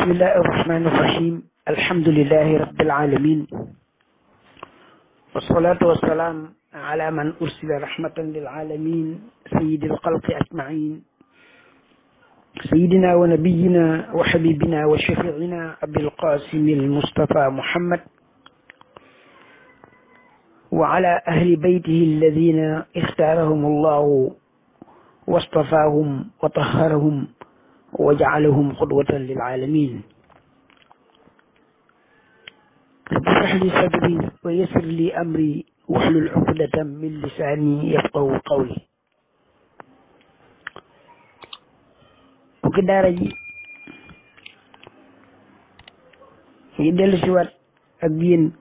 بسم الله الرحمن الرحيم الحمد لله رب العالمين والصلاة والسلام على من أرسل رحمة للعالمين سيد الخلق أجمعين سيدنا ونبينا وحبيبنا وشفيعنا أبي القاسم المصطفى محمد وعلى أهل بيته الذين اختارهم الله واصطفاهم وطهرهم wa jacalahum qudwatan lil aalamin rabbi shrah li sadri wa yassir li amri wahlul uqdatan min lisaani yafqahu qawli bukki daara ji yi dellu si waat ak yéen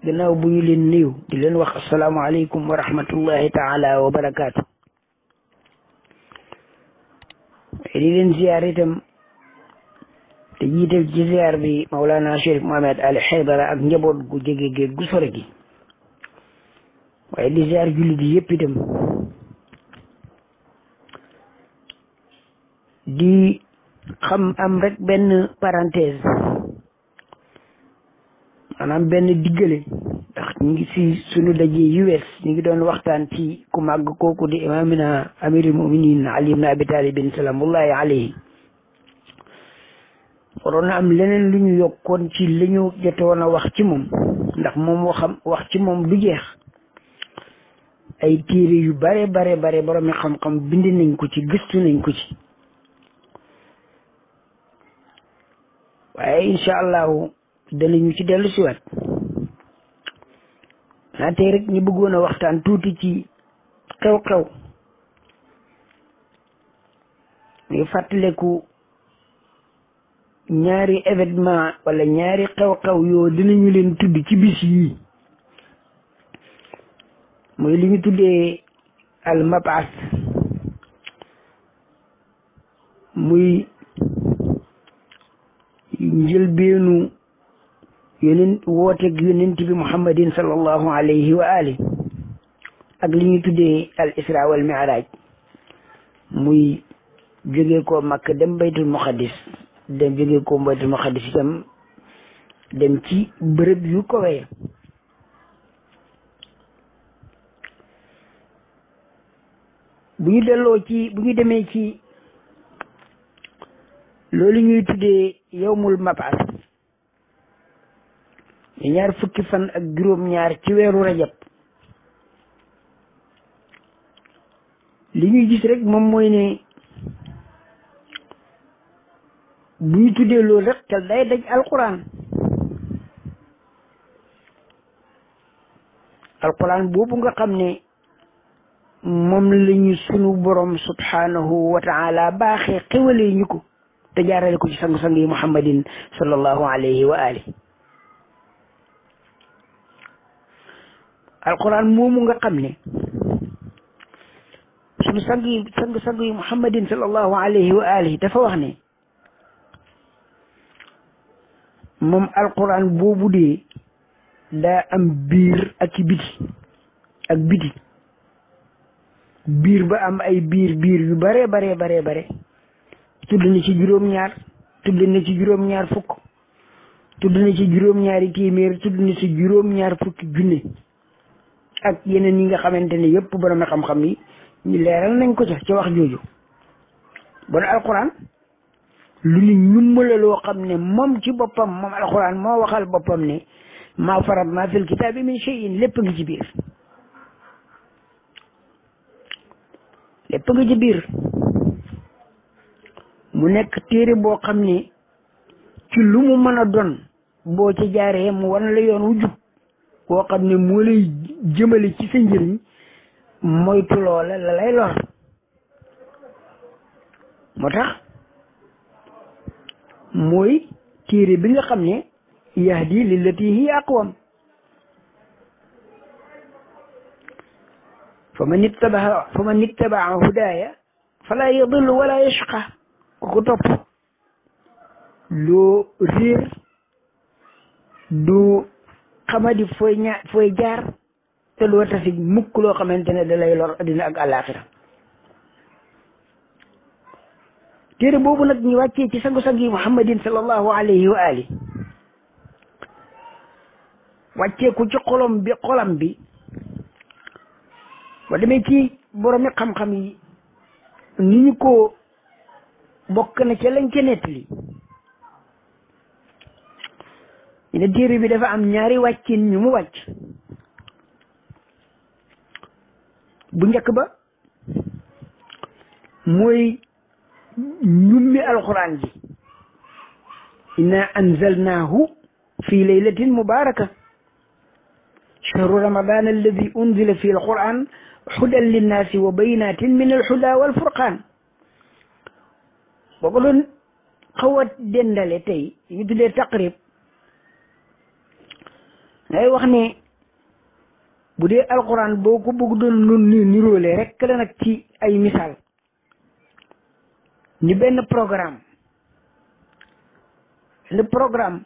gannaaw bu ñu leen nuyu di leen wax asalaamaaleykum wa rahmatullahi taala wa barakaatu te di leen ziyaar itam te jiite ci ziyaar bi Maulana Chérif Mohamed Ali Haydara ak njaboot gu jege géeg gu sore gi waaye di ziyaar jullit yi yëpp itam di xam am rek benn parenthèse maanaam benn diggale ñu ngi si sunu dajee US ñu ngi doon waxtaan ci ku màgg kooku di imaamina amirul muminin ali ibn abi talibin salaamullahi alayhi waroon na am leneen lu yokkoon ci li ñu jotoon a wax ci moom ndax moom waxam wax ci moom du jeex ay téere yu bare bare bare boroomi xam-xam bind nañ ko ci gëstu nañ ko ci waaye incha allahu danañu ci dellu siwaat naa tey rek ñu bëggoon a waxtaan tuuti ci xew-xew ñu fàttaleku ñaari événement wala ñaari xew-xew yoo dinañu leen tudd ci bis yi muy li ñu tuddee al muy njëlbeenu yonent wooteeg yonent bi muhammadin sallallahu alayhi wa ali ak li ñu tuddee al isra wal mi'raj muy jóge ko makk dem baytul muqaddis dem jóge ko baytul muqaddis itam dem ci bërëb yu kowee bu ñu delloo ci bu ñu demee ci loolu ñuy tuddee yowmul mabaas ñaar fukki fan ak juróom-ñaar ci weeru rajab li ñuy gis rek moom mooy ne bu ñu tuddee loolu rek al day daj alquran boobu nga xam ne moom la ñu sunu borom subhanahu wa taala baaxee xewalee ñu ko te ko ci sang-sang yi muhammadin sallallahu alayhi wa alquran moomu nga xam ne suñu sang yi sang sang yi muhammadin sallallahu alayhi wa alihi dafa wax ne moom alquran boobu dee daa am biir ak ci biti ak biti biir ba am ay biir biir yu bare bare bare bare tudd na ci juróom-ñaar tudd na ci juróom-ñaar fukk tudd na ci juróom-ñaari téeméer tudd na ci juróom-ñaar fukki junne ak yeneen yi nga xamante ne yëpp borom xam-xam yi ñu leeral nañ ko sax ci wax jooju bon alquran lu ñu ñummala loo xam ne moom ci boppam moom alquran moo waxal boppam ne maa farat maa fil kitaabi min shay'in lépp ngi ci biir lépp ngi ci biir mu nekk téere boo xam ne ci lu mu mën a don boo ci jaaree mu wan la yoon wu woo xam ne moo lay jëmale ci sa njëriñ moytu loola la lay mooy téere bi nga xam ne yahdi lillati hiya aqwam fa man ittabaa fa man ittabaa hudaaya fala yadillu wala yashqa ku ko topp doo réer doo xamadi fooy ña fooy jaar te doo tasi mukk loo xamante ne da loo lor addina ak àllaaxira téere boobu nag ñu wàccee ci sangu-sang yi muhammadin sallallahu alayhi wa ali wàcceeku ci xolom bi xolam bi ba demee ci boromi xam-xam yi ni ñu ko bokk na ca lañ ca nettali ñu ne téere bi dafa am ñaari wàccin ñu mu wàcc bu njëkk ba mooy ñummi alxuraan ji inna anzalnaahu fi laylatin mubaraka shahru ramadan alladi unzila fi alquran hudan linnaasi wa bayinatin min alhuda walfurqaan boo ko doon xaw a dendale tey ñu tuddee taqrib day wax ni bu dee alxuraan boo ko bëgg doon nun ni niróole rekk la nag ci ay misaal ni benn programme benn programme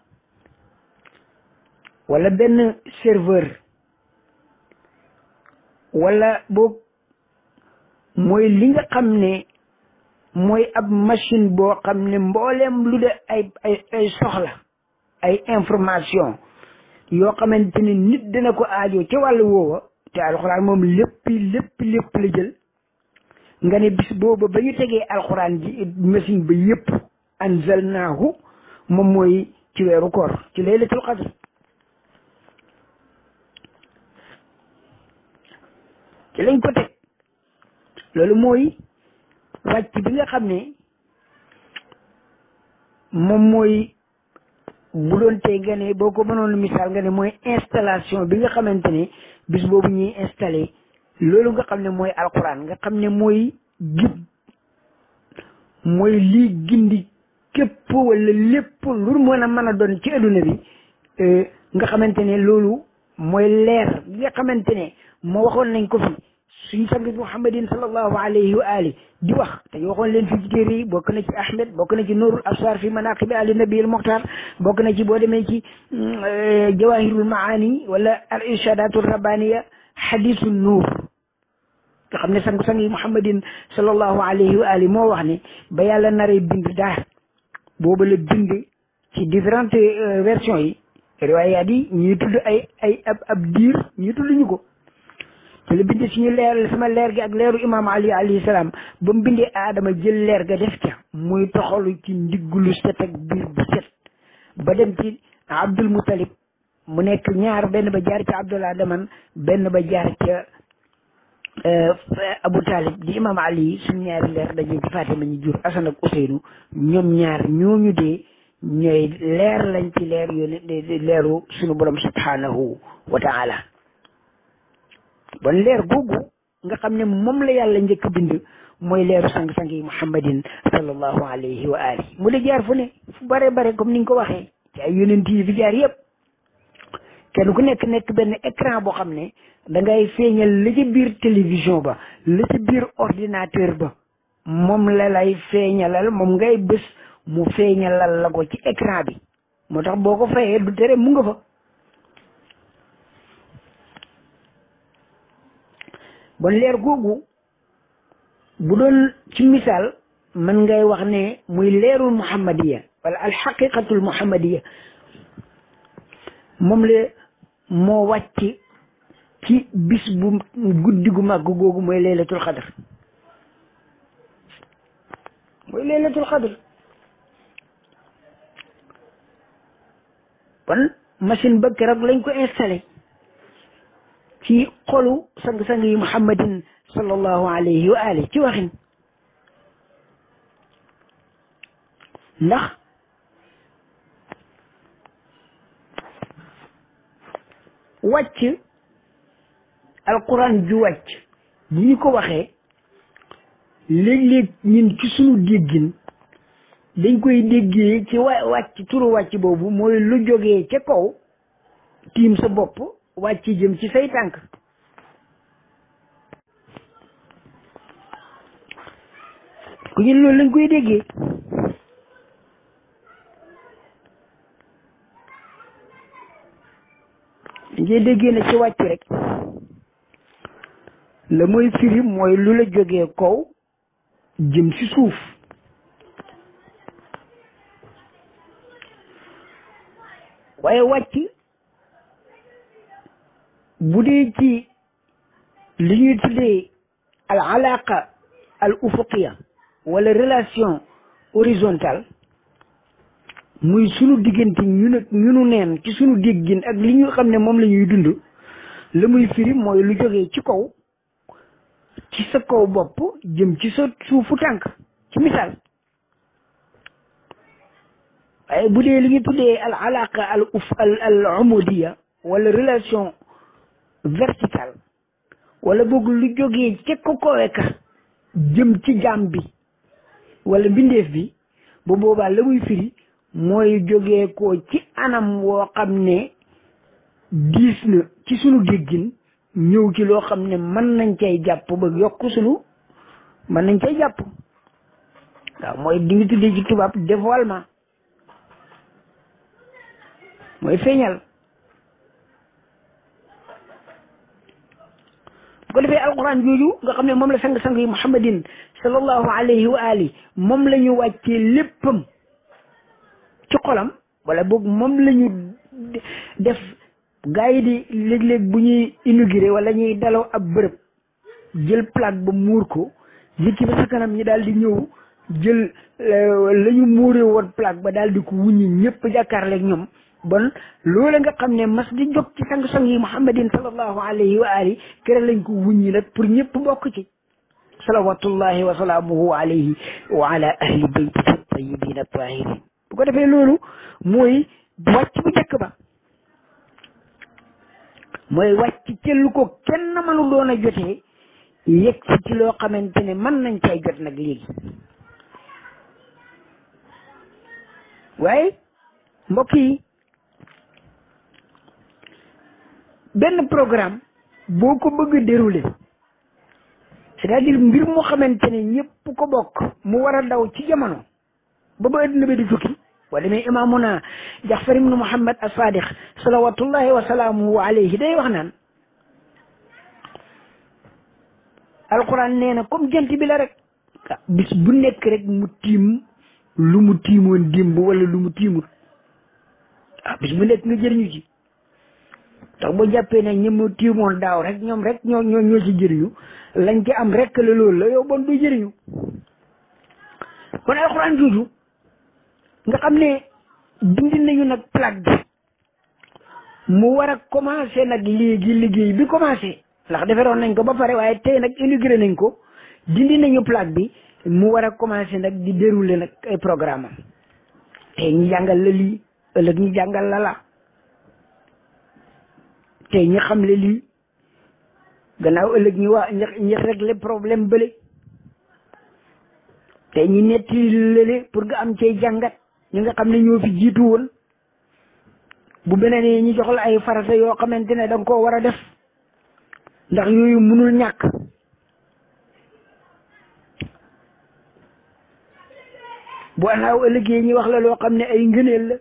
wala benn serveur wala boo mooy li nga xam ne mooy ab machine boo xam ne mbooleem lu de ay ay ay soxla ay information yoo xamante ni nit dina ko aajo ci wàllu woowa te alxuraan moom lépp lépp lépp la nga ne bis booba ba ñu tegee alxuraan ji machine ba yëpp anzalnaahu moom mooy ci weeru koor ci laylatul qadr ci lañ ko teg loolu mooy wàcc bi nga xam ne moom mooy bu doon tey nga ne boo ko mënoon misaal nga ne mooy installation bi nga xamante ne bis boobu ñuy installé loolu nga xam ne mooy alquran nga xam ne mooy gib mooy lii gindi képp wala lépp lu mën a mën a doon ci adduna bi eh, nga xamante ne loolu mooy leer nga xamante ne moo waxoon nañ ko suñu sang bi Muhammadin sallallahu alayhi wa ali di wax te ñu waxoon leen fi ci téere yi bokk na ci Ahmed bokk na ci Nuurul Absaar fi manaaqibi ali nabil Muxtaar bokk na ci boo demee ci euh, Jawaahirul Maani wala al irshadaatu rabbaniya xadiisu nuur nga xam ne sang-sang yi Muhammadin sallallahu alayhi wa ali moo wax ne ba yàlla naree bind daal booba la bind ci différentes euh, versions yi riwaayaat yi ñii tudd ay ay ab ab diir ñii tudd ñu ko. la bind si ñu leeral sama leer gi ak leeru imaam ali alayhi salaam ba mu bindee aadama jël leer ga def ca muy toxalu ci ndiggulu set ak biir bu set ba dem ci abdul mutalib mu nekk ñaar benn ba jaar ca abdul adaman benn ba jaar ca euh, Abu Talib di imaam Ali suñu ñaari leer dañuy ci Fatima ñu jur Asan ak Useynu ñoom ñaar ñooñu dee ñooy leer lañ ci leer yu leeru suñu borom subhanahu wa taala bon leer googu nga xam ne moom la yàlla njëkk bind mooy leeru sang-sang yi muhammadin sallallahu alayhi wa alihi mu la jaar fu ne fu bare bare comme ni nga ko waxee ci ay yonent yi fi jaar yëpp kenn ku nekk nekk benn écran boo xam ne da ngay feeñal la ca biir télévision ba la ca ordinateur ba moom la lay feeñalal moom ngay bés mu feeñalal la ko ci écran bi moo tax boo ko fayee du tere mu fa bon leer googu bu doon ci misaal man ngay wax ne muy leerul muhammadiya wala alxaqiqatul muhammadiya moom la moo wàcc ci bis bu guddi gu màgg googu mooy laylatul xadr mooy laylatul xadr kon machine ba keroog lañ ko installé ci xolu sang-sang yi muhammadin sallallahu alayhi wa ali ci waxin ndax wàcc alquran ju wàcc bu ñu ko waxee léeg-léeg ñun ci sunu déggin dañ koy déggee ci wa wàcc turu wàcc boobu mooy lu jógee ca kaw tiim sa bopp wàcc jëm ci say tànk ku ñu loolu lañ koy déggee ngay déggee na ci wàcc rek la mooy firi mooy lu la jógee kow jëm ci suuf waaye wàcc bu dee ci li ñuy tuddee al alaqa al ufuqiya wala relation horizontale muy sunu diggante ñu ne ñunu neen ci sunu déggin ak li ñu xam ne moom lañuy dund la muy firi mooy lu jógee ci kaw ci sa kaw bopp jëm ci sa suufu tànk ci misaal waaye bu dee li ñu tuddee al alaqa al uf al al umudiya wala relation vertical wala boog lu jógee ca ko jëm ci jaam bi wala mbindeef bi bu boobaa la muy firi mooy jógee ko ci anam woo xam ne diis na ci sunu gin ñëw ci loo xam ne mën nañ cay jàpp ba yokk sunu mën nañ cay jàpp waaw mooy di nga tuddee ci tubaab dévoilement mooy feeñal bu ko defee alquran jooju nga xam ne moom la sang-sang yi muhammadin sallallahu alayhi wa ali moom la ñu wàccee léppam ci xolam wala boog moom lañu ñu def gars yi di léeg-léeg bu ñuy inauguré walla ñuy daloo ab bërëb jël plaque ba muur ko jikki ba sa kanam ñi daal di ñëw jël euh, lañu muure woon plaque ba daal di ko wuññi ñëpp jàkkaarleeg ñoom bon loola nga xam ne mas di jóg ci sang-sang yi sallallahu alayhi wa ali kër lañ ko wuññi nag pour ñëpp bokk ci salawatullahi wa salaamuhu alayhi wa ala ahli baytihi tayyibina tahirin bu ko defee loolu mooy wàcc bu njëkk ba mooy wàcc cëllu ko kenn mënu doon a jotee yëg ci loo xamante ne mën nañ cay jot nag léegi waaye mbokk benn programme boo ko bëgg a dérouler c'est-à-dire mbir moo xamante ne ñëpp ko bokk mu war a daw ci jamono ba ba adduna bi di tukki wala mais imaamuna jaxfar ibnu muhammad as-sadiq salawatullahi wa salaamuhu alayhi day wax naan alquran nee na comme jant bi la rek bis bu nekk rek mu tiim lu mu tiimoon dimb wala lu mu tiimul ah, bis bu nekk nga jëriñu ci tax boo jàppee ne ñi tiimoon daaw rek ñoom rek ñoo ñoo ñoo ci jëriñu lañ ci am rek la loolu la yow bon jëriñu kon alxuraan jooju nga xam ne dindi nañu nag plaque bi mu war a commencé nag gi liggéey bi commencé ndax deferoon nañ ko ba pare waaye tey nag inauguré nañ ko dindi nañu plaque bi mu war a commencé nag di dérouler nag ay programme am tey ñu jàngal la lii ëllëg ñu jàngal la la tey ñi xamle lii gannaaw ëllëg ñi waa ñi ñi problème bële te ñi netti lële pour nga am cey jàngat ñi nga xam ne ñoo fi jiitu woon bu beneen yi ñu jox la ay farata yoo xamante ne da nga koo war a def ndax yooyu mënul ñàkk bu anaaw ëllëgee ñi wax la loo xam ne ay ngëneel la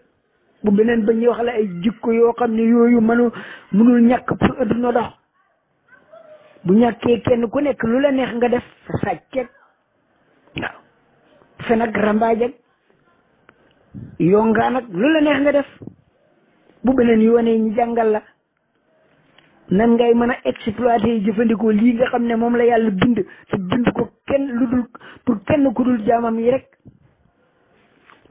bu beneen ba ñuy la ay jikko yoo xam ne yooyu mënu mënul ñàkk pour adduna dox bu ñàkkee kenn ku nekk lu la neex nga def sàcceeg waaw fen ak rambaajeg yongaan ak lu la neex nga def bu beneen yoonee ñu jàngal la nan ngay mën a exploiter jëfandikoo lii nga xam ne moom la yàlla bind te bind ko kenn lu dul pour kenn ku dul jaamam yi rek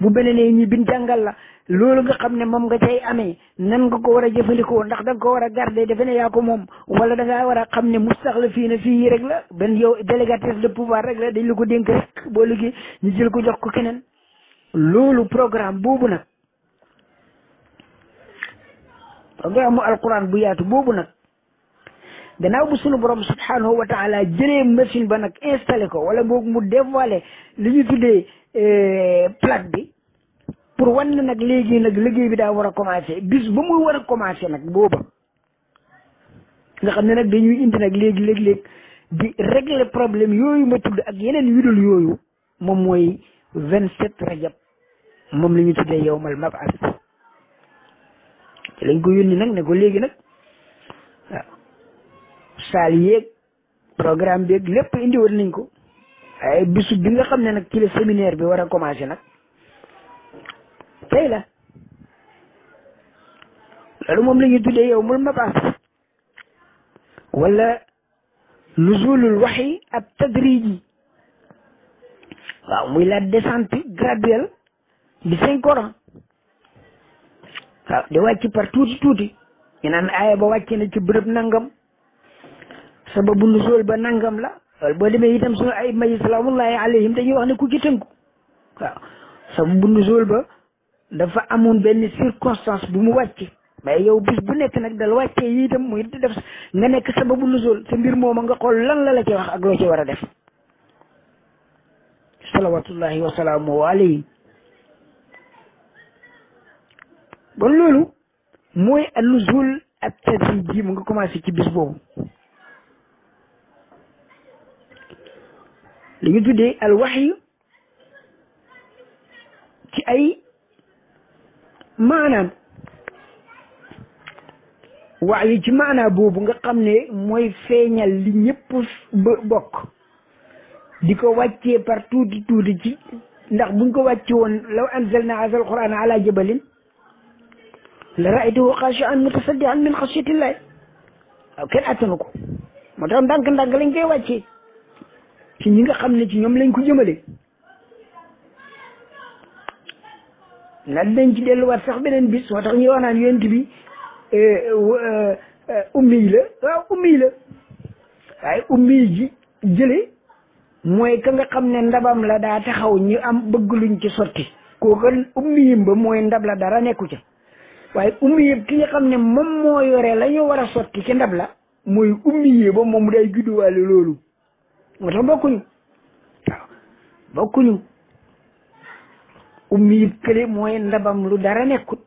bu beneenee ñi bin jàngal la loolu nga xam ne moom nga cay ame nan nga ko war a jëfandikoo ndax da ko war a garder defe ne yaa ko moom wala da ngaa war a xam ne mustaxla fii na fii rek la benn yow délégataire de pouvoir rek la dañ la ko dénk rek boo liggéey ñu jël ko jox ko keneen loolu programme boobu nag programme mu alquran bu yaatu boobu nag danaa bu sunu borom subhanahu wa taala machine ba nag installé ko wala boog mu dévoilé li ñu tuddee euh, plaque bi pour wan nag léegi nag liggéey bi daa war a commencé bis ba muy war a commencé nag booba nga xam ne nag dañuy indi nag léegi léeg léeg di régler problème yooyu ma tudd ak yeneen yu yooyu moom mooy vingt sept rajab moom la ñu tuddee yowmal mab'as ci lañ ko yónni nag ne ko léegi nag waaw saal yeeg programme beeg lépp indi woon nañ ko waaye bi nga xam ne nag ci la bi war a commencé nag tey la loolu moom la ñuy tuddee yow mul mabaas wala nuzulul waxi ab tadriji waaw muy la descente graduelle du Saint Coran waaw di wàcc par tuuti tuuti ñu naan aaya ba wàcc na ci bërëb nangam sababu nuzul ba nangam la loolu boo demee itam sunu ay may salaamullahi alayhim dañuy wax ne ku ci tënku waaw sababu nuzul ba dafa amoon benn circonstance bu mu wàcc mais yow bis bu nekk nag dal wàccee yi itam muy di def nga nekk sababu nuzul sa mbir mooma nga xool lan la la ci wax ak loo ci war a def salawatullahi wa salaamu alayhi bon loolu mooy a nuzul ak tadrij ji mu nga commencé ci bis boobu li ñu tuddee al ci ay maanaam waaye ci maanaa boobu nga xam ne mooy feeñal li ñëpp bokk di ko wàccee par tuuti tuuti ci ndax buñ ko wàcce woon law anzalna hadha alquran ala jabalin la raaytuhu xaashi'an mutasaddi'an min xashyatillahi waaw kenn attanu ko moo tax ndànk-ndànk lañ koy wàccee ci nga xam ne ci ñoom lañ ko jëmale na dañ ci delluwaat sax beneen bis moo tax ñuy wax naan yonent bi euh, euh, euh, ummi la waaw ummi la waaye ummi ji jële mooy ka nga xam ne ndabam la daa taxaw ñu am bëgg luñ ci sotti kooka ummiyim ba mooy ndab la dara nekku ca waaye ummiyib ki nga xam ne moom moo yore la ñu war a sotti ci ndab la mooy ummiyi ba moom day judduwaale loolu moo tax bokkuñu waaw bokkuñu ummi yib kële mooy ndabam lu dara nekkut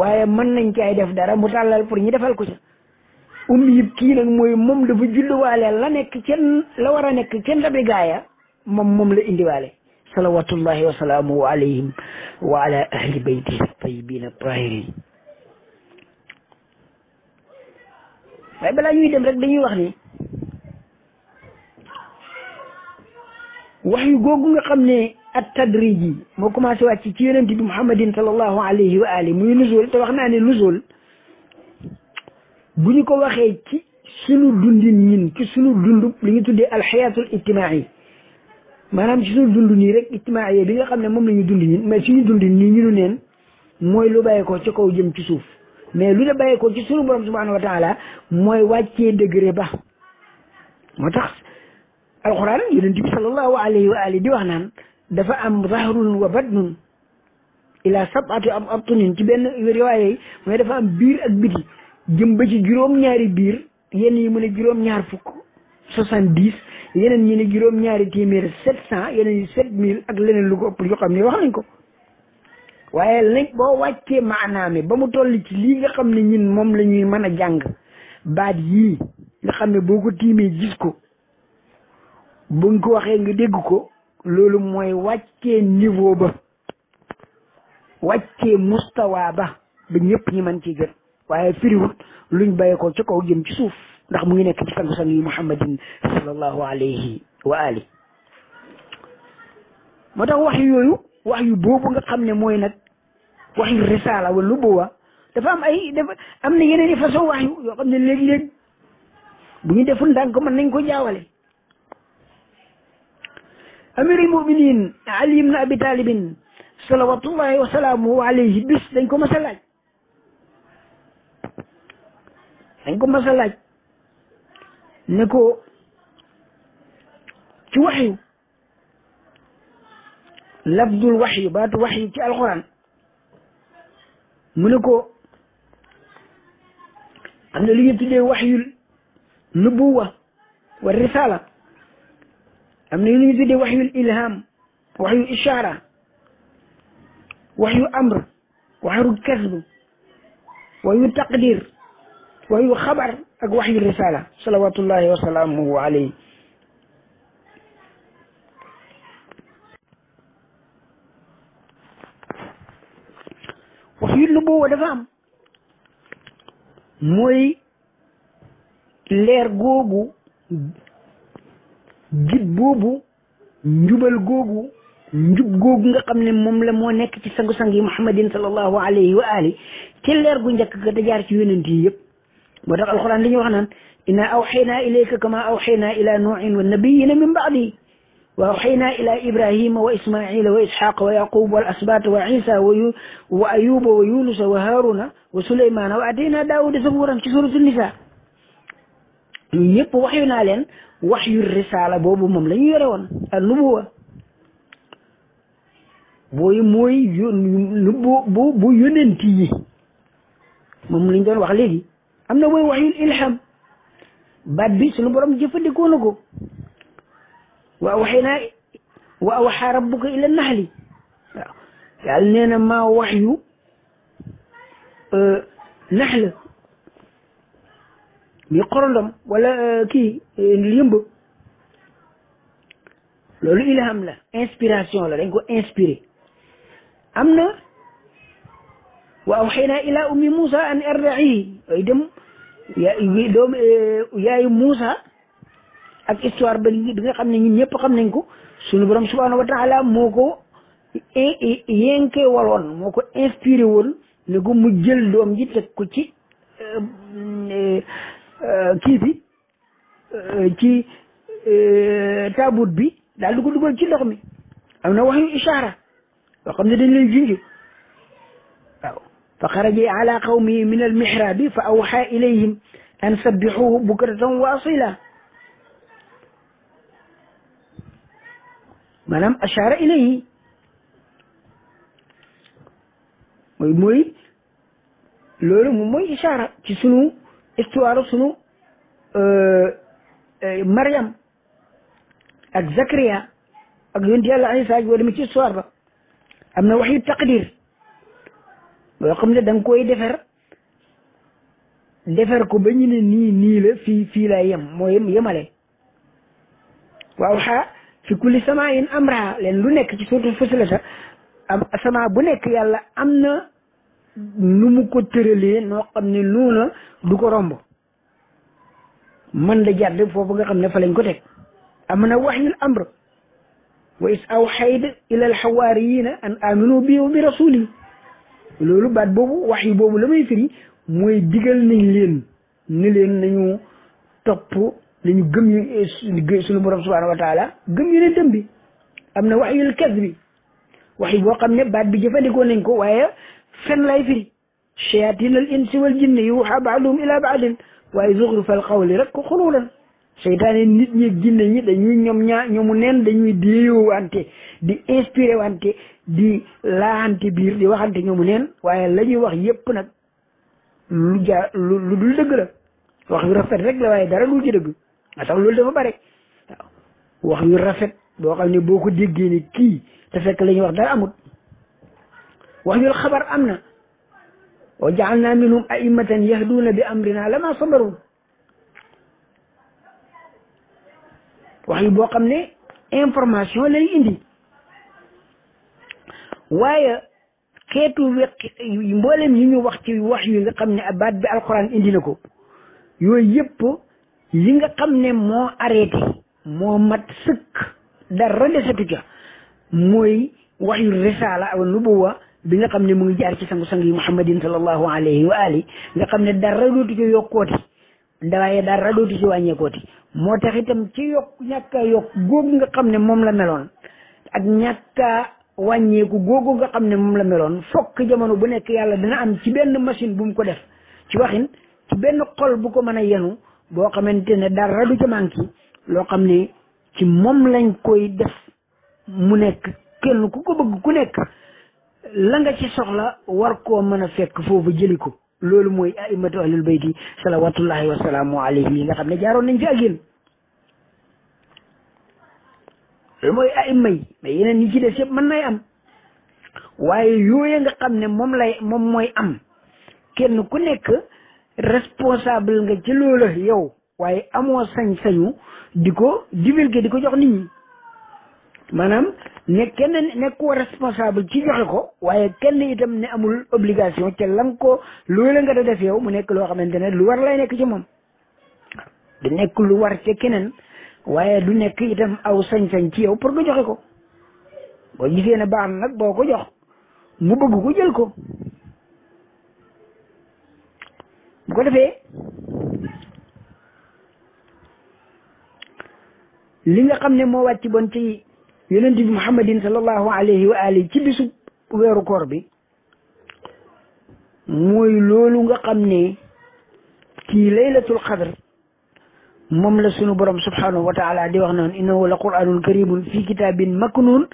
waaye man nañ caay def dara mu tàllal pour ñu defal ko ca ummi yib kii nag mooy moom dafa julliwaale la nekk kenn la war a nekk kenn ndabi gaaya moom moom la indiwaale salawatullahi wa salaamuhu alayhim wa waaye balaa ñuy dem rek dañuy wax ni wax yu googu nga xam ne at tadriji moo commencé wàcc ci yonent bi muhammadin sallallahu alayhi wa ali nu nuzul te wax naa ne nuzul bu ñu ko waxee ci sunu dundin ñin ci sunu dund li ñu tuddee alxayatul ijtimaai maanaam ci sunu dund nii rek ijtimaai bi nga xam ne moom la ñu dund ñin mais suñu dund nii ñu nu neen mooy lu bàyyi ko ci kaw jëm ci suuf mais lu de bàyyi ko ci sunu borom subhanahu wa mooy wàccee degré ba moo tax alxuraan yonent bi sallallahu alayhi wa ali di wax naan dafa am zahrun wa badnun ila sab'ati am abtunin ci benn riwaaya yi mooy dafa am biir ak biti jëm ba ci juróom-ñaari biir yenn yi mu ne juróom-ñaar fukk soixante dix yeneen ñi ne juróom-ñaari téeméer sept cent yeneen yi sept mille ak leneen lu ko ëpp yoo xam ne wax nañ ko waaye lañ boo wàccee maanaam ba mu toll ci lii nga xam ne ñun moom lañuy ñuy mën a jàng baat yii nga xam ne boo ko tiimee gis ko buñ ko waxee nga dégg ko loolu mooy wàccee niveau ba wàccee mustawa ba ba ñëpp ñi mën ci jot waaye firiwut luñ bàyyi ko ci kaw jëm ci suuf ndax mu ngi nekk ci sangu sang yi muhammadin sallallahu alayhi wa ali moo tax wax yooyu wax yu boobu nga xam ne mooy nag wax yu risaala wala lu dafa am ay dafa am na yeneen i façon wax yoo xam ne léeg-léeg bu ñu deful ndànk mën nañ ko jaawale amirul muminin ali ibn abi talibin salawatullahi wa salaamuhu alayhi bis dañ ko mas a laaj dañ ko mas a laaj ne ko ci waxyu labdul waxyu baatu waxyu ci alquran mu ne ko am na li ñu tuddee waxyul nubuwa wa risala am na yu ñu tuddee waxyul ilham waxyu ishaara waxyu amr waxyu kasb waxyu taqdir waxyu xabar ak waxyu risala salawatullahi wa salaamuhu alayhi waxyu nubuwa dafa am mooy leer googu gib boobu njubal googu njub googu nga xam ne moom la moo nekk ci sangu-sang yi muhammadin sallallahu alayhi wa ali ci leer gu njëkk ga da jaar ci yonent yi yëpp moo tax alquran dañuy wax naan inna awxaynaa ilayka kama awxaynaa ila nuuhin wa nabiyina min baadi wa awxaynaa ila ibrahima wa ismaila wa isxaqa wa yaqub wal asbat wa isa wa wa ayuba wa yunusa wa haruna wa suleymana wa atayna daawuda zaburan ci suratu nisa yëpp waxyu naa leen wax yu risaala boobu moom la ñu yore woon ak nubuwa booy mooy bu bu yonent yi moom lañ doon wax léegi am na booy wax ilham baat bi suñu borom jëfandikoo na ko wa awxinaa wa awxaa rabbuka ila naxli waaw yàlla na maa wax yu euh, muy wala euh, kii euh, yëmb loolu ilham la inspiration la dañ ko inspiré am na wa awxaynaa ila ummi Moussa an arda'ihi ay dem doom euh, yaayu Moussa ak histoire ba bi nga xam ne ñun xam nañ ko sunu borom subhanahu wa taala moo ko yénkee waloon moo ko inspiré woon ne ko mu jël doom ji teg ko ci Euh, kii bi euh, ci euh, taabut bi daal di ko dugal ci ndox mi am na wax yu ishaara yoo xam ne dañ lay junj waaw fa xaraja ala qawmihi min al mihrabi fa awxa ilayhim an sabbixuhu bukratan wa asila maanaam ashaara ilayhi mooy mooy loolu moom mooy ishaara ci sunu histoire sunu euh, euh, Mariam ak Zakaria ak yonent yàlla Isa boo demee ci histoire ba am na wax yu taqdir yoo xam ne da nga koy defar defar ko ba ñu ne nii nii la fii fii laa yem moo yem yemale waaw xaa fi kulli samaa in amraa leen lu nekk ci surtout Fusilata am sama bu nekk yàlla am na nu mu ko tëralee noo xam ne noona du ko romb man la jàdd foofu nga xam ne fa lañ ko de am na waxyul amr wa is awxayda ila alxawaariyina an aminu bi wa bi rasuli loolu baat boobu wax yi boobu la may firi mooy digal nañ leen nañu topp nañu gëm yu eh, suñu borom subhanahu wa taala gëm yonentam bi am na waxyul kas bi wax yi boo xam ne baat bi jëfandikoo nañ ko waaye fen lay firi shayatin al insi wal jinni yuuxa baaduhum ila baadin waaye zuxrufal qawli rek ko xululan seytaane nit ñi jinne ñi dañuy ñoom ñaa ñoomu neen dañuy déeyoo wante di inspiré wante di laaxante biir di waxante ñoomu neen waaye lañuy wax yépp nag lu ja lu lu dul dëgg la wax yu rafet rek la waaye dara dul ci dëgg nga tax loolu dafa bare wax yu rafet boo xam ne boo ko déggee ni kii te fekk la ñuy wax dara amut waxyul xabar am na wa jaalna minhum a'immatan yahduuna bi amrina lama sabaru waxyu boo xam ne information lay indi waaye xeetu we mboolem yi ñu wax ci wax yu nga xam ne baat bi alquran indi na ko yooyu yëpp yi nga xam ne moo arrêté moo mat sëkk dara desatu ca mooy wax yu risaala ak nubuwa bi nga xam ne mu ngi jaar ci sangu-sang yi muhammadin sallallahu alayhi wa ali nga xam ne dara dootu ci yokkooti waaye dara dootu ci wàññeekooti moo tax itam ci yokk ñàkk yokk googu nga xam ne moom la meloon ak ñàkk wàññeeku googu nga xam ne moom la meloon fokk jamono bu nekk yàlla dina am ci benn machine bu mu ko def ci waxin ci benn xol bu ko mën a yenu boo xamante ne dara du ci manqué loo xam ne ci moom lañ koy def mu nekk kenn ku ko bëgg ku nekk la nga ci soxla war koo mën a fekk foofu jëli ko loolu mooy aimatu ahlul bayti salawatullahi wasalaamu alayhim yi nga xam ne jaaroon nañ fi ak yéen mooy aima yi mais yeneen ñi ci des yëpp mën nay am waaye yooye nga xam ne moom lay moom mooy am kenn ku nekk responsable nga ci loola yow waaye amoo sañ-sañu di ko divulguer di ko jox nit ñi maanaam ne kenn nekkoo responsable ci joxe ko waaye kenn itam ne amul obligation ca lan ko lu la nga da def yow mu nekk loo xamante ne lu war lay nekk ci moom di nekk lu war ca keneen waaye du nekk itam aw sañ-sañ ci yow pour nga joxe ko boo gisee ne baax na nag boo ko jox mu bëgg ko jël ko bu ko defee li nga xam ne moo wàcc bon ci yonent bi muhammadin sallallahu alayhi wa alihi ci bisu weeru koor bi mooy loolu nga xam ne kii laylatul qadr moom la sunu borom subhanahu wa taala di wax noonu innahu la qur'anun karimun fi kitabin maknun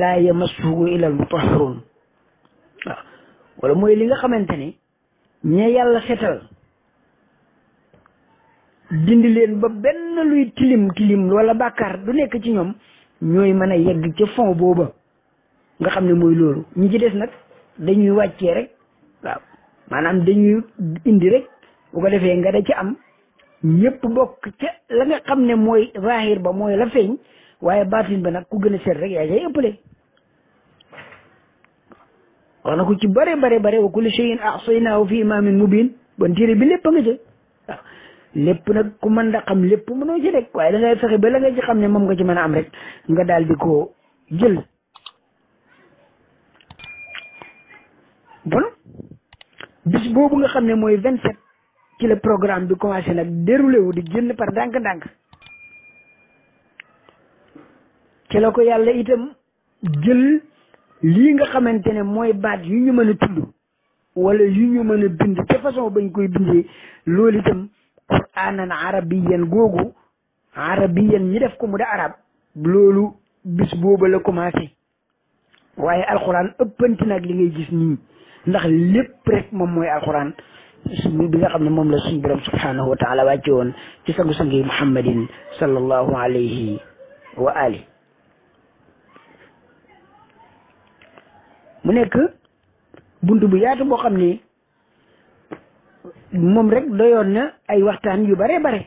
laa yamassuhu illa al mutahharun waaw wala mooy li nga xamante ne ña yàlla setal dindi leen ba benn luy tilim tilim wala bàkkaar du nekk ci ñoom ñooy mën a yegg ca fond booba nga xam ne mooy loolu ñi ci des nag dañuy wàccee rek waaw maanaam dañuy indi rek bu ko defee nga da ci am ñëpp bokk ca la nga xam ne mooy zahir ba mooy la feeñ waaye baatin ba nag ku gën a seet rek yaa cay ëppale wax na ku ci bare bare bare wa kulli shay'in ahsaynaahu fi imaamin mubin bon téere bi lépp a nga ca lépp nag ku mën da xam lépp mënoo ci rek waaye da fexe ba la nga ci xam ne moom nga ci mën a am rek nga daal di ko jël bon bis boobu nga xam ne mooy vingt sept ci la programme bi commencé nag déroulé wu di génn par ndànk-ndànk ci la ko yàlla itam jël lii nga xamante ne mooy baat yu ñu mën a tudd wala yu ñu mën a bind te façon bañ koy bindee loolu itam qur'aanan arabiyan googu arabiyan ñi def ko mu da arab loolu bis booba la commencé waaye alxuraan ëppanti nag li ngay gis nii ndax lépp rek moom mooy alxuraan suñu bi nga xam ne moom la suñu borom subhaanahu wa taala woon ci sangu-sang yi sallallahu alayhi wa mu nekk bunt bu yaatu boo xam ne moom rek doyoon na ay waxtaan yu bare bare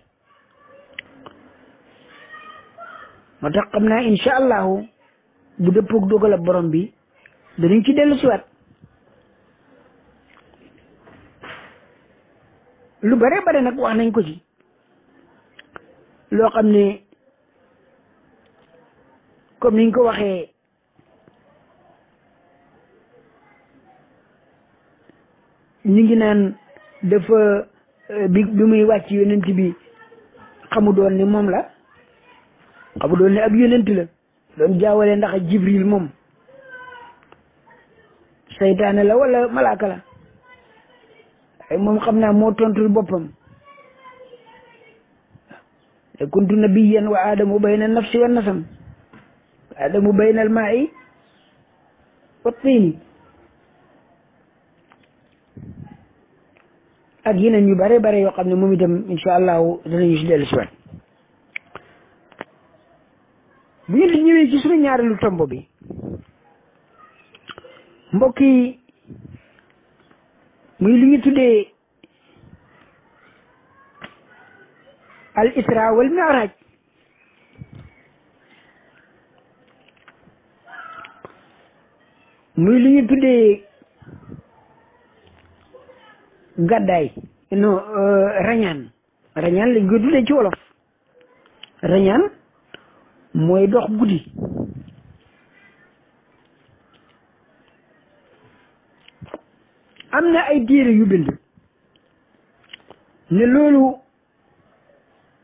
moo tax xam naa incha allahu bu dëppoog dogal borom bi danañ ci dellu lu bare bare nag wax nañ ko ci loo xam comme niñ ko waxee ñu ngi naan dafa euh, bi muy wàcc yonent bi xamu doon ni moom la xamu doon ni ab yonent la doon jaawale ndax jibril moom seytaane la wala malaaka la ay moom xam naa moo tontul boppam te kuntu nabiyan wa aadamu bayna nafsi wa nasam aadamu bayna almaa'i wa tiini ak yeneen yu bare bare yoo xam ne moom itam incha allahu danañu si dellu si waat bu ñu ci suñu ñaareelu tomb bi mbokk yi muy li ñu tuddee al isra wal mi'raj muy li ñu gàddaay non euh, rañaan rañaan lañ koy tuddee ci wolof rañaan mooy dox guddi am na ay téere yu bind ne loolu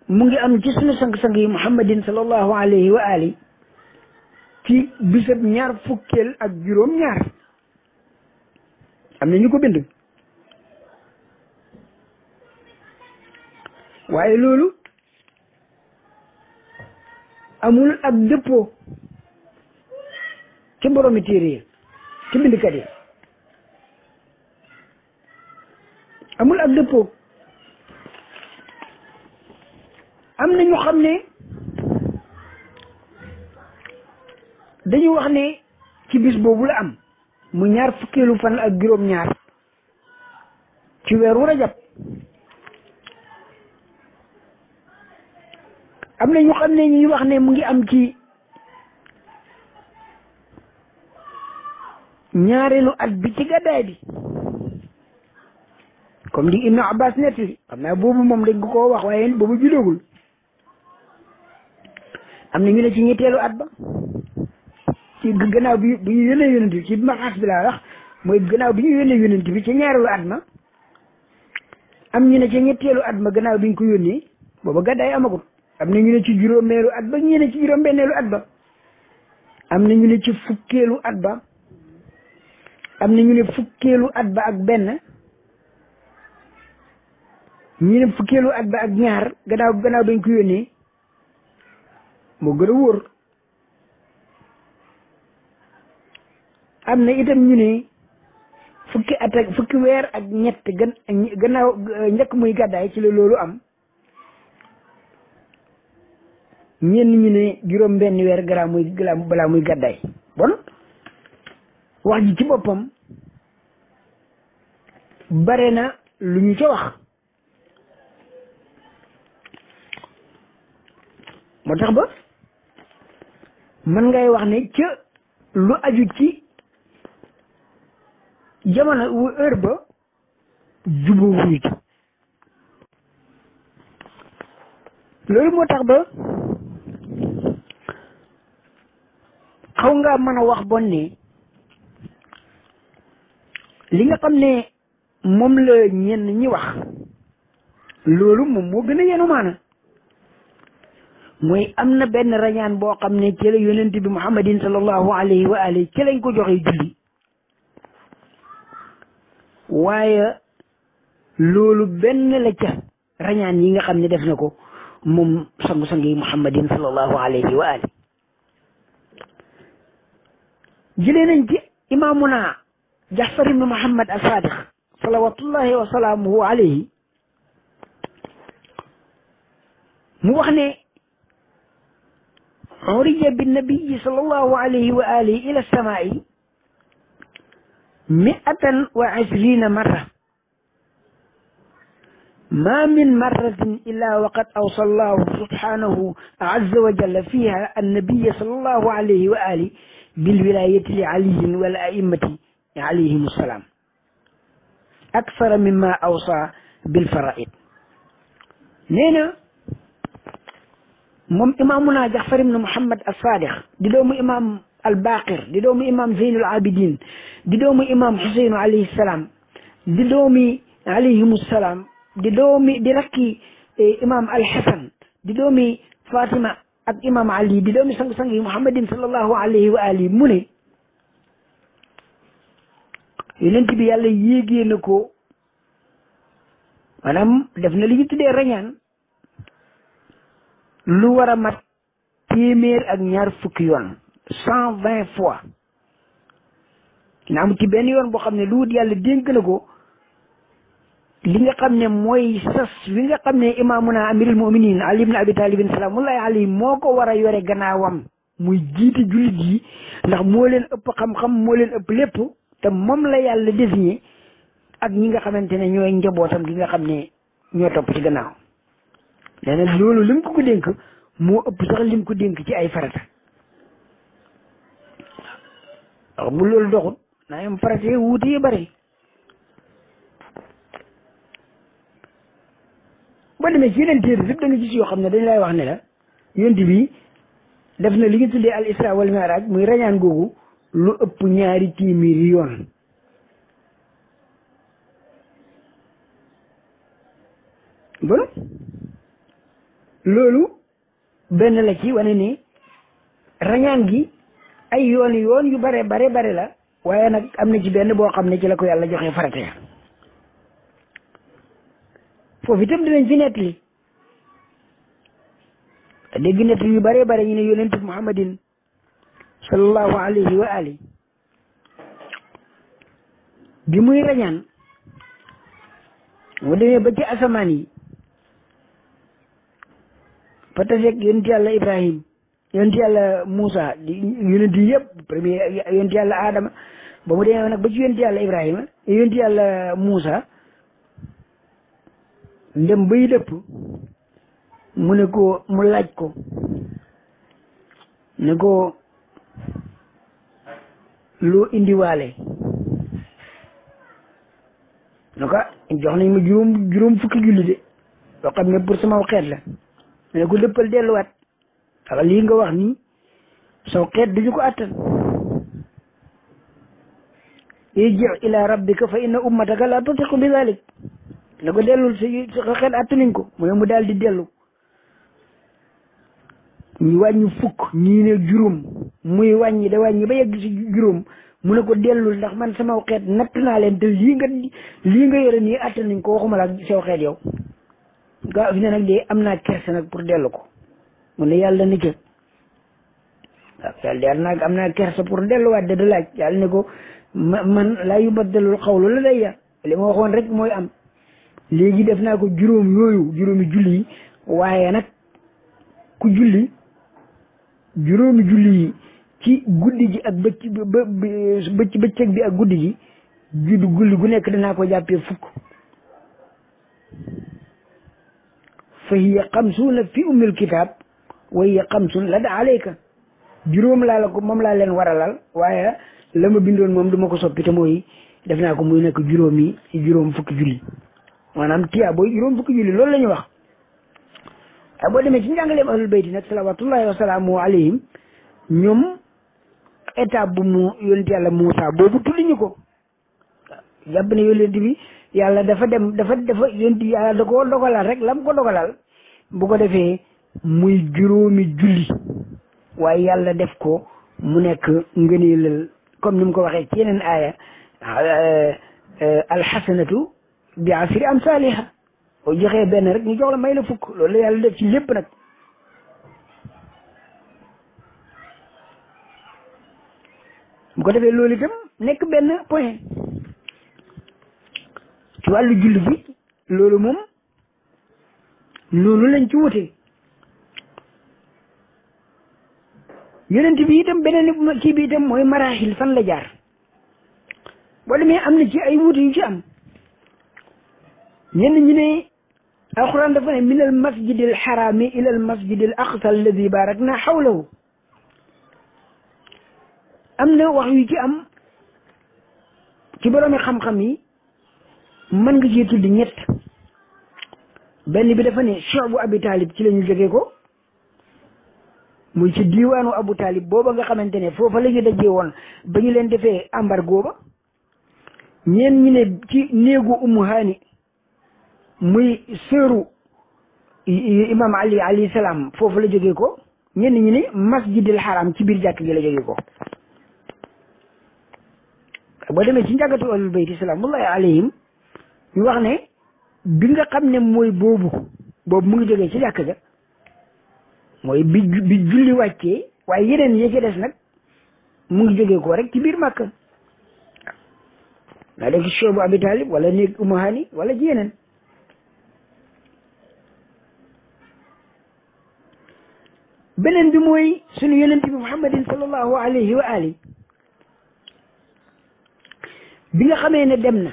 mu ngi am ci sunu sang-sang yi muhammadin sallallahu alayhi ci bisab ñaar fukkeel ak juróom ñaar am na ñu ko bind waaye loolu amul ab dëppoo ci boromi téere yi ci bindkat yi amul ab dëppoo am na ñu xam ne dañu wax ne ci bis boobu la am mu ñaar fukkeelu fan ak juróom ñaar ci a jàpp am na ñu xam ne ñuy wax ne mu ngi am ci ñaareelu at bi ci gàddaay bi comme di Ibnu Abbas netti xam naa boobu moom dañ ko koo wax waaye boobu judoogul am na ñu ne ci ñetteelu at ba ci gannaaw bi bi ñu yónnee yónent bi ci maqaas bi mooy gannaaw bi ñu yónnee yónent bi ci ñaareelu at ma am ñu ne ci ñetteelu at ma gannaaw bi ñu ko yónnee boobu gàddaay amagul am na ñu ne ci juróomeelu at ba ñu ne juróom-benneelu at ba am na ñu ne ci fukkeelu at ba am na ñu ne fukkeelu at ba ak benn ñu ne fukkeelu at ba ak ñaar gannaaw gannaaw dañ ko yónnee moo gën a wóor am na itam ñu ne fukki at ak fukki weer ak ñett gannaaw njëkk muy gàddaay ci la loolu am ñenn ñu ne juróom benn weer garaa muy balaa muy gàddaay bon wax ji ci boppam bare na lu ñu ca wax moo tax ba mën ngay wax ne ca lu aju ci jamono wu heure ba jubóo wuñu loolu moo tax ba xaw nga mën a wax bon ni li nga xam ne moom la ñenn ñi wax loolu moom moo gën a yenu maana mooy am na benn rañaan boo xam ne ci la yonent bi muhammadin sallallahu alayhi wa alihi ci lañ ko joxe julli waaye loolu benn la ca rañaan yi nga xam ne def na ko moom sangu-sang yi muhammadin sallallahu alayhi wa jëlee nañ ci imaamuna jafar ibnu muhammad asadiq salawatullahi wa salaamuhu alayhi mu wax ne uriya bi nabiyi sallallahu alayhi wa alihi ila samaai miatan wa ishrina marra ما من مرة إلا وقد أوصى الله سبحانه عز وجل فيها النبي صلى الله عليه وآله bil wilayati li aliyin wal a'immati alayhimu salaam akthara mimma awsa bil faraid nee na moom imaamuna Jaafar ibn Muhammad as-Saadiq di doomu imaam al-Baaqir di doomu imaam Zeynul Abidin di doomu imaam Xuseynu alayhi salaam di doomi alayhimu salaam di doomi di rakki eh, imaam al-Xasan di doomi Fatima ak imam ali di doomi sang-sang yi muhammadin sallallahu alayhi wa ali mu ne yonent bi yàlla yéegee ko maanaam def na li ñu tuddee rañaan lu war a mat téeméer ak ñaar fukki yoon cent vingt fois naam am benn yoon boo xam ne lu wut yàlla dénk na ko li nga xam ne mooy sas wi nga xam ne imaamuna amiril muminin ali ibn abi talibin moo ko war a yore gannaawam muy jiite jullit yi ndax moo leen ëpp xam-xam moo leen ëpp lépp te moom la yàlla désigné ak ñi nga xamante ne ñooy njabootam gi nga xam ne ñoo topp ci gannaaw nee loolu lim ko ko dénk moo ëpp sax lim ko dénk ci ay farata waaw bu loolu doxul naa yem farata yi yi bari boo demee ci yeneen téere yëpp yoo xam ne dañ lay wax ne la yonent bi def na li ñu tuddee al isra muy rañaan googu lu ëpp ñaari téeméeri yoon bon loolu benn la ci wane ni rañaan gi ay yoon yoon yu bare bare bare la waaye nag am na ci benn boo xam ne ci la ko yàlla joxe farata foofu itam dinañ fi nettali dégg nettali yu bare bare ñu ne yonent muhammadin sallallahu alayhi wa ali bi muy rañaan mu demee ba ci asamaan yi fa taseeg yonent yàlla ibrahim yonent yàlla Moussa di yonent yi yëpp premier yonent yàlla Adama ba mu demee nag ba ci yonent yàlla Ibrahima yonent yàlla Moussa ndem bay dëpp mu ne ko mu laaj ko ne ko loo indiwaale ne ko jox nañ ma juróom juróom fukki julli de yoo xam ne pour sama xeet la ne ko dëppal delluwaat ndax lii nga wax nii saw xeet duñu ko attan irji ila rabbika fa inna ummataka la tutiqu bi dalik la ko dellul si sa xel attanuñ ko mu ne mu daal di dellu ñu wàññi fukk ñii ne juróom muy wàññi da wàññi ba yegg si juróom mu ne ko dellul ndax man sama xeet natt naa leen te lii nga lii nga yore nii attanuñ ko waxuma la ak sew xeet yow gaa ne nag de am naa kersa nag pour dellu ko mu ne yàlla ni ke waaw yàlla am naa kersa pour de da laaj yàlla ne ko man laa yu baddalul xawlu la day yar li ma waxoon rek mooy am léegi def naa ko juróom yooyu juróomi julli yi waaye nag ku julli juróomi julli yi ci guddi gi ak bëcc bëcc bëccëg bi ak guddi gi juddu gu nekk danaa ko jàppee fukk fa hiya xamsuuna fi ummil kitaab wa hiya xamsun la da alayka juróom laa la ko moom laa leen waralal waaye la ma bindoon moom du ma ko soppi te mooy def naa ko muy nekk juróomi juróom fukki julli maanaam tiyaa booy juróom fukki julli loolu la ñu wax waaye boo demee ci njàngaleem ahlul bayti nag salawatullahi wa salaamu ñoom étape bu mu yonent yàlla Moussa boobu tuddi ñu ko jàpp ne yonent bi yàlla dafa dem dafa dafa yonent yàlla da ko dogalal rek lam ko dogalaal bu ko defee muy juróomi julli waaye yàlla def ko mu nekk ngëneelal comme ni mu ko waxee ci yeneen aaya alxasanatu bi asri amsaaliha boo joxe benn rek ñu jox la may la fukk loolu la yàlla def ci lépp nag bu ko defee loolu itam nekk benn point ci wàllu julli gi loolu moom loolu lañ ci wute yonent bi itam beneen kii bi itam mooy maraaxil fan la jaar boo demee am na ci ay wute yu ci am ñenn ñi ne alquran dafa ne min al masjid al xaraami ila al masjid al aqsa alladi barak na xawlahu am na wax yu ci am ci boroomi xam-xam yi man nga cee tudd ñett benn bi dafa ne cheikh bu abi ci la ñu ko muy ci diiwaanu abu talib booba nga xamante ne foofa la ñu dajee woon ba ñu leen defee embargo ba ñeen ñi ne ci néegu ummu haani muy seeru imam ali alayhi salaam foofu la jógee ko ñenn ñi ni masjidil haram ci biir jàkk gi la jógee ko boo demee ci njàngatu ahlul bayti salaamullahi alayhim ñu wax ne bi nga xam ne mooy boobu boobu mu ngi jógee ci jàkk ja mooy bi bi julli wàccee waaye yeneen yi ci des nag mu ngi jógee ko rek ci biir màkk naa def ci soobu abi talib wala néeg umu hani wala ci yeneen beneen bi mooy suñu yonent bi muhammadin sallallahu alayhi wa ali bi nga xamee ne dem na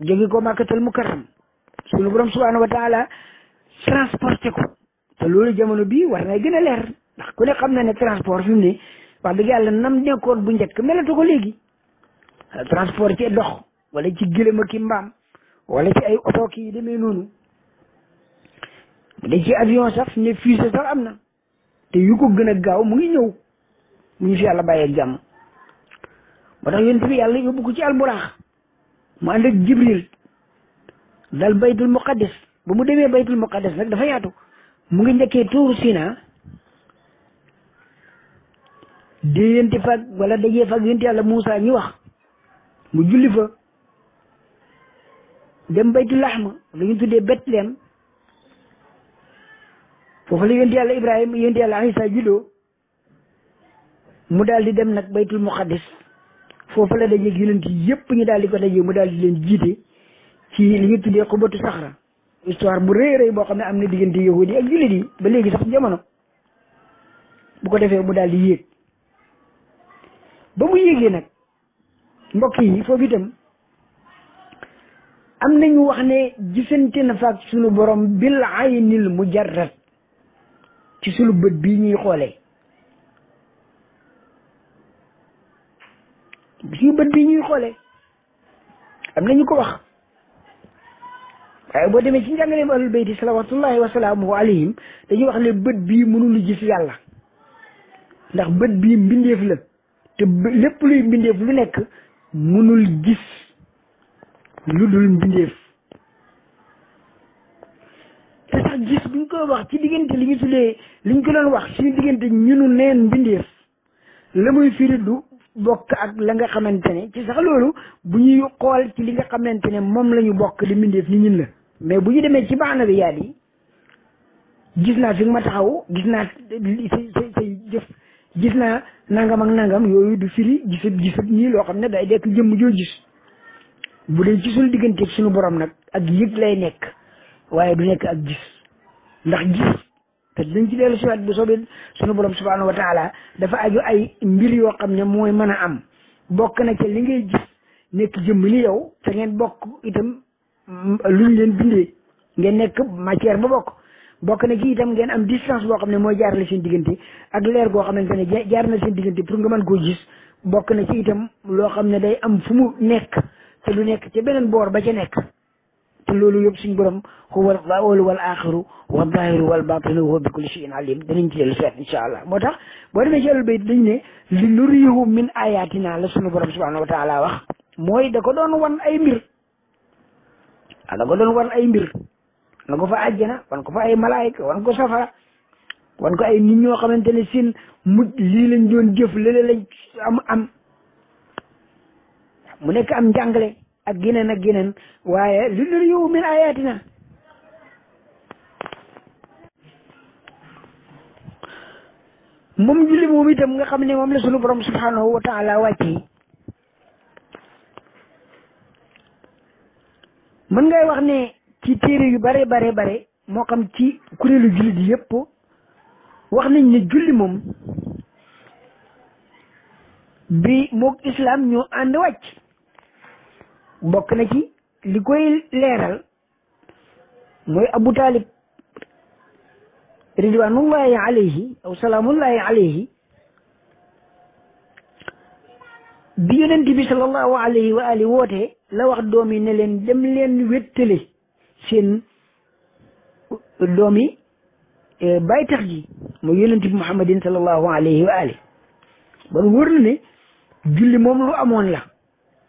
jóge ko màkkatal mukarram suñu borom subhanahu wa taala transporté ko te loolu jamono bii war na gën a leer ndax ku ne xam na ne transport fi mu ne wax dëgg yàlla nam nekkoon bu njëkk melatu ko léegi transport ci dox wala ci gëlëm ak mbaam wala ci ay oto ki yi demee noonu bu ci avion sax ne fusée sax am na te yu ko gën a gaaw mu ngi ñëw mu ngi fi yàlla bàyyi ak jàmm moo tax yonent bi yàlla yóbbu ko ci alburaax mu ànd ak jibril dal baytul muqaddis ba mu demee baytul muqaddis nag dafa yaatu mu ngi njëkkee tuuru Sina déyante fag wala dajee fag yonent yàlla Moussa ñi wax mu julli fa dem baytul laxma lu ñu tuddee Bethléem foofu la yonent yàlla Ibrahima yonent yàlla Isa juddoo mu daal di dem nag baytul muqaddis foofu la dajeeg yonent yëpp ñu daal di ko dajee mu daal di leen jiite ci li ñu tuddee histoire bu rëy rëy boo xam ne am na diggante yahudi yi ak jullit yi ba léegi sax jamono bu ko defee mu daal di yéeg ba mu yéegee nag mbokk yi foofu itam am nañu wax ne gisante na faak sunu borom bil aynil mujarrad ci sunu bët bi ñuy xoolee suñu bët bi ñuy xoolee am na ñu ko wax waaye boo demee ci njàngaleem ahlul bayti salawatullahi wa salaamuhu alayhim dañuy wax ne bët bi mënul gis yàlla ndax bët bi mbindeef la te lépp luy mbindeef lu nekk mënul gis lu dul mbindeef te sax gis bi ñu koy wax ci diggante li ñu tuddee li ñu ko doon wax suñu diggante ñunu neen mbindeef la muy firi du bokk ak la nga xamante ne ci sax loolu bu ñuy xool ci li nga xamante ne moom lañu bokk di mbindeef ni ñun la mais bu ñu demee ci maana bi yaat yi gis naa fi nga ma taxaw gis naa say say say jëf gis naa nangam ak nangam yooyu du firi gisab gisab nii loo xam ne day dekk jëmm joo gis bu dee ci suñu digganteeg suñu borom nag ak yëg lay nekk waaye du nekk ak gis ndax gis te dañ ci dellu siwaat bu soobee sunu borom subhanahu wa taala dafa aju ay mbir yoo xam ne mooy mën a am bokk na ca li ngay gis nekk yow te ngeen bokk itam mm, luñ leen bindee nekk matière ba bokk bokk na ci itam ngeen am distance boo xam ne mooy jaarle seen diggante ak leer goo xamante ne jaar na seen diggante nga mën koo gis bokk na ci itam loo xam ne day am fu mu nekk te lu nekk ci beneen boor ba ca nekk te loolu yëpp suñu borom huwal awwalu wal axiru wa zaahiru wal baatinu wa bi kulli shay'in alim danañ ci dellu seet incha allah moo tax boo ne li nuriihu min ayatina la wa taala mooy da ko doon wan ay mbir ah, ko doon wan ay mbir na ko fa àjjana wan ko fa ay malaayika wan ko ay nit ñoo xamante ne seen lii lañ doon jëf lële mu nekk am njàngale ak geneen ak geneen waaye lu nuri yow min ayatina moom julli moom itam nga xam ne moom la sunu borom subhanahu wa taala wàcce mën ngay ne ci téere yu bare bare bare moo xam ci kuréelu julli di yëpp wax nañ ne julli moom bi moog islam ñoo ànd wàcc bokk na ci li koy leeral mooy abu taalib ridwanullahi alayhi aw salaamullahi alayhi bi yonent bi sallallahu alayhi wa woote la wax doom yi ne leen dem leen wéttale seen doom yi eh, bàyyi tax ji mooy yonent bi muhammadin sallallahu alayhi wa ban wër na ne julli moom lu amoon la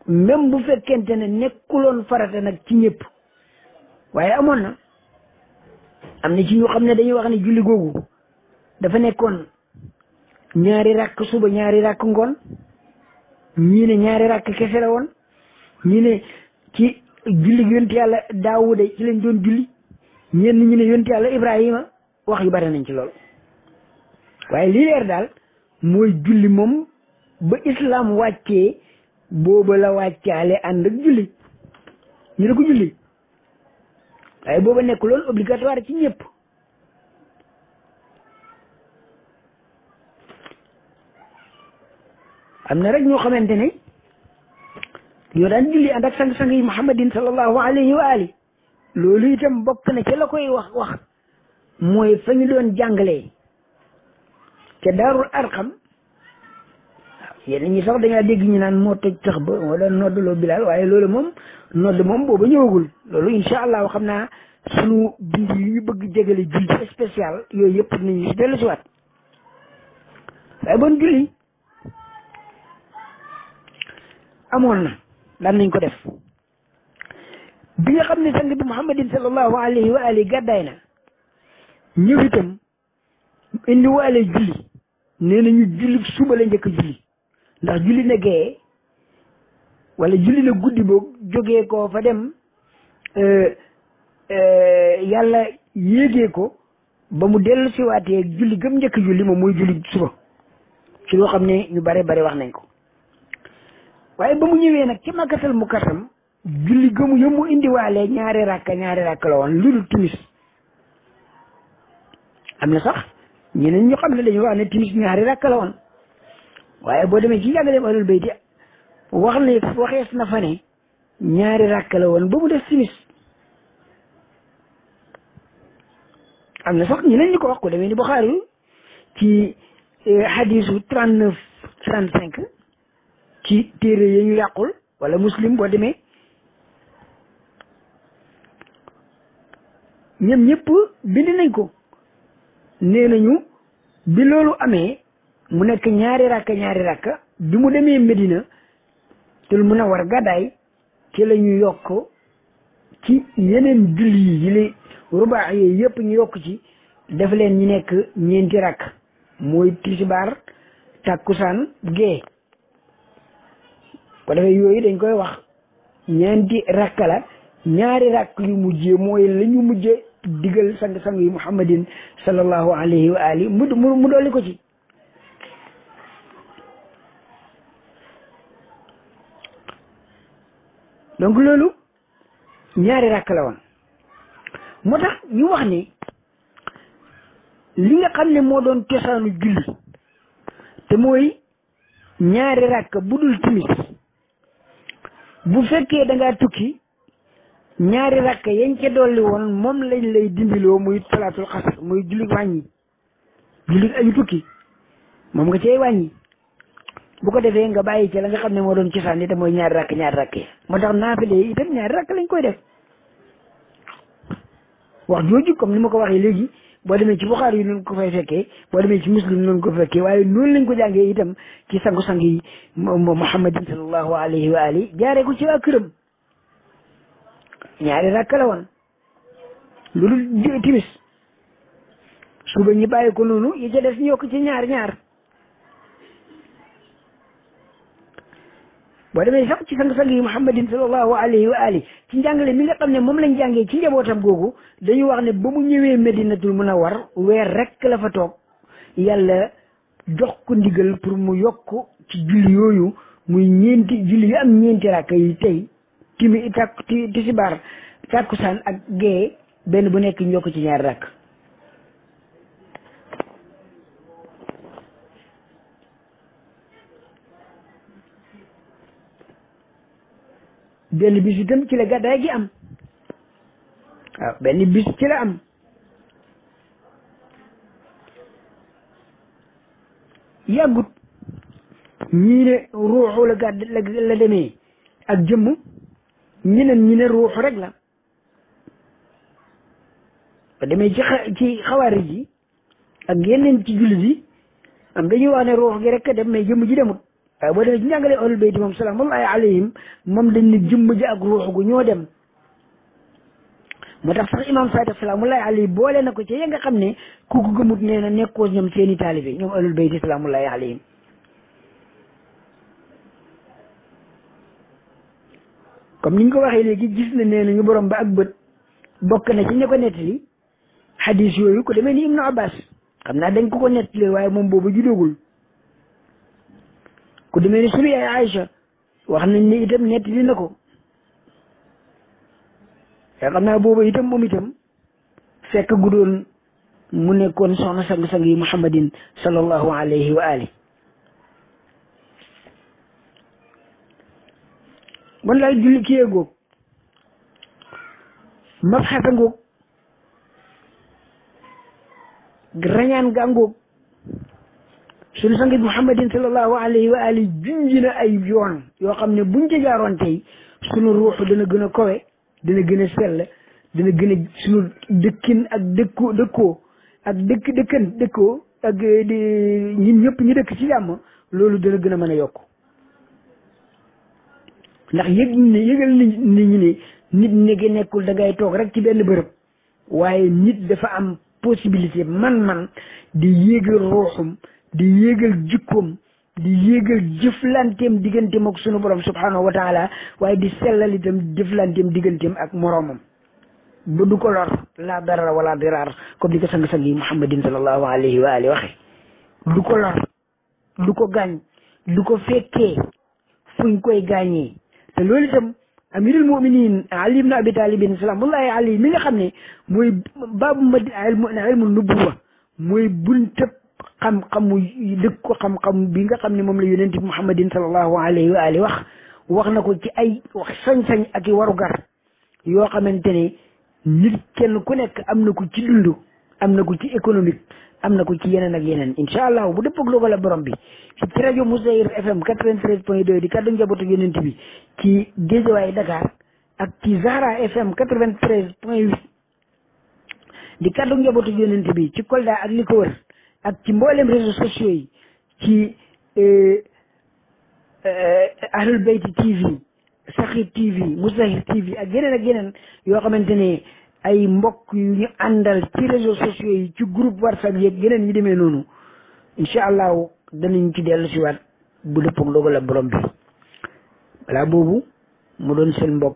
même bu fekkente ne nekkuloon farata nag ci ñëpp waaye amoon na am na ci ñu xam ne dañuy wax ne julli googu dafa nekkoon ñaari ràkk suba ñaari ràkk ngoon ñii ne ñaari ràkk kese la woon ñii ne ci julli yonent yàlla daawuda ci lañ doon julli ñenn ñi ne yonent yàlla ibrahima wax yu bari nañ ci lool waaye li leer daal mooy julli moom ba islam wàccee booba la wàccaale ànd ak julli ñu ne ko julli waaye booba nekk loolu obligatoire ci ñëpp am na rek ñoo xamante ne ñoo daan julli ànd ak sang-sang yi muhammadin sallallahu alayhi wa ali loolu bokk na ci koy wax wax mooy fa ñu doon jàngalee ca daarul arqam yenn ñi sax da ngaa dégg ñu naan moo toj tax ba wala noddaloo bilaal waaye loolu moom nodd moom booba ñëwagul loolu incha allah xam naa sunu bind yi ñu bëgg jégale julli spécial yooyu yëpp nañu si dellu si waaye bon julli amoon na daan nañ ko def bi nga xam ne sang bi muhammadin sallallahu alayhi wa na ñëw itam indiwaale julli nee na ñu julli suba la njëkk julli ndax julli na gee wala julli na guddi boog jógee koo fa dem euh, euh, yàlla yéegee ko ba mu dellu siwaatee julli gëm njëkk julli moom mooy julli suba ci loo xam ne ñu bare bare wax nañ ko waaye ba mu ñëwee nag ci makkatal mu katam julli gëmu yëmu indiwaale ñaari ràkka ñaari ràkka la woon lu dul timis am na sax ñeneen ñu xam ne dañu wax ne timis ñaari ràkka la woon waaye boo demee ci njàngaleem alul bayti wax ne waxees na fa ne ñaari ràkk la woon ba mu def simis am na sax ñeneen ñu ko wax ku demee ni Buxaari ci xadiisu eh, trente neuf trente cinq ci téere yi ñu yàqul wala muslim boo demee ñoom ñëpp bind nañ ko nee nañu bi loolu amee mu nekk ñaari rakka ñaari rakka bi mu demee Medina te lu mun a war gàddaay ci la ñu yokk ci yeneen julli yi li rubaax yi yëpp ñu yokk ci def leen ñu nekk ñeenti rakk mooy tisbaar takkusaan gee ko defee yooyu dañ koy wax ñeenti rakk la ñaari rakk yu mujjee mooy la ñu mujjee digal sang sang yi muhammadin sallallahu alayhi mu mu dolli ko ci donc loolu ñaari ràkk la woon moo tax ñu wax ni li nga xam ne moo doon cosaanu julli te mooy ñaari ràkk bu dul timis bu fekkee da tukki ñaari rakk yañ ca dolli woon moom lañ lay dimbiloo muy salaatul xasr muy julli wàññi julli ayu tukki moom nga cay wàññi bu ko defee nga bàyyi ci la nga xam ne moo doon cosaan yi te mooy ñaari rakk ñaari rakk yi moo tax naafile yi itam ñaari rakk lañ koy def wax jooju comme ni ma ko waxee léegi boo demee ci buxaar yi noonu ko fay fekkee boo demee ci muslim noonu ko fekkee waaye noonu lañ ko jàngee itam ci sangu-sang yi muhammadin sallallahu alayhi wa ali jaaree ko ci waa këram ñaari rakk la woon lu dul timis suba ñi bàyyi ko noonu yi ca des ñu yokk ci ñaar ñaar boo demee sax ci sang-sang yi muhammadin sallallahu alayhi wa ali ci njàngale mi nga xam ne moom lañ jàngee ci njabootam googu dañu wax ne ba mu ñëwee medinatul munawwar weer rek la fa toog yàlla jox ko ndigal pour mu yokk ci julli yooyu muy ñeenti julli yu am ñeenti rakka yi tey ti takk tisibaar takkusaan ak gee benn bu nekk ñu yokk ci ñaari rakk benn bis itam ci la gàddaay gi am ah. waaw benn bis ci la am yàggut ñii ne ruuxu la gàdd ak jëmm ñeneen ñi ruuxu rek la ba demee ci ci xawaari ji ak yeneen ci jullit yi am dañuy wax ne ruux gi rek a dem mais jëmm ji demut waaye eh, boo demee ci njàngale ahlul bayti moom salaam moom ay alayhim moom dañ ne jëmm ji ak ruux gu ñoo dem moo tax sax imam Saadiq salaamullahi alayhi boole na ko ci ya nga xam ne ko gëmut nee nekkoo ñoom seeni taalibe ñoom ahlul bayti salaamullahi alayhim comme niñ ko waxee léegi gis na nee na ñu borom ba ak bët bokk na ci ña ko nettali xadis yooyu ko demee ni Ibnu Abbas xam naa dañ ko ko nettali waaye moom boobu judoogul ku demee ni suñu yaay Aïcha wax nañ ne itam ñett li na ko yaakaar naa booba itam fekk gu mu nekkoon soxna sang-sang yi muhammadin sallallahu alayhi wa ali bon daal julli kiyee rañaan gaa ngóog suñu sangi muhammadin sallallahu alayhi wa ali junji ay yoon yoo xam ne buñ ci jaaroon tey suñu ruux dana gën a kowe dana gën a sell dana gën a suñu dëkkin ak dëkkoo dëkkoo ak dëkk dëkkan dëkkoo ak eh, di ñëpp ñu dëkk ci jàmm loolu dana gën a mën a yokk ndax yëg ne yëgal nit ñi ne nit nekkul da ngay toog rek ci benn bërëb waaye nit dafa am possibilité man-man di yéegal ruuxum di yéegal jikkoom di yéegal jëflanteem digganteem ak sunu borom subhanahu waaye di sellal itam jëflanteem digganteem ak moroomam ba du ko lor laa darara wala diraar comme ni ko sang-sang yi muhammadin sallallahu alayhi du ko lor du ko gaañ du ko fekkee fuñ koy gaañee te loolu itam amirul muminin ali ibn abi talibin salaamullahi alayhi mi nga xam ne mooy baabu ma ilmu nubuwa mooy buntab xam-xamu dëkk ko xam-xam bi nga xam ne moom la yonent bi muhammadin sallallahu alayhi wa alihi wax wax na ko ci ay wax sañ-sañ ak i warugar yoo xamante ne nit kenn ku nekk am na ko ci dund am na ku ci économique am na ko ci yeneen ak yeneen incha allah bu dëppog looga la bi ci rajo Moussaïr FM 93 point 2 di kàddu njabootu yonent bi ci ay Dakar ak ci Zahra FM 93 point 8 di kàddu njabootu yonent bi ci Kolda ak li ko ak ci mboolem réseaux sociaux yi ci euh, euh, ahlul bayti tv saxir tv musahir tv ak yeneen ak yeneen yoo xamante ne ay mbokk yu ñu àndal ci réseaux sociaux yi ci groupe whatsapp yeeg yeneen ñu deme noonu incha allahu danañ ci dellu siwaat bu dëppog dogal ak borom bi boobu mu doon seen mbokk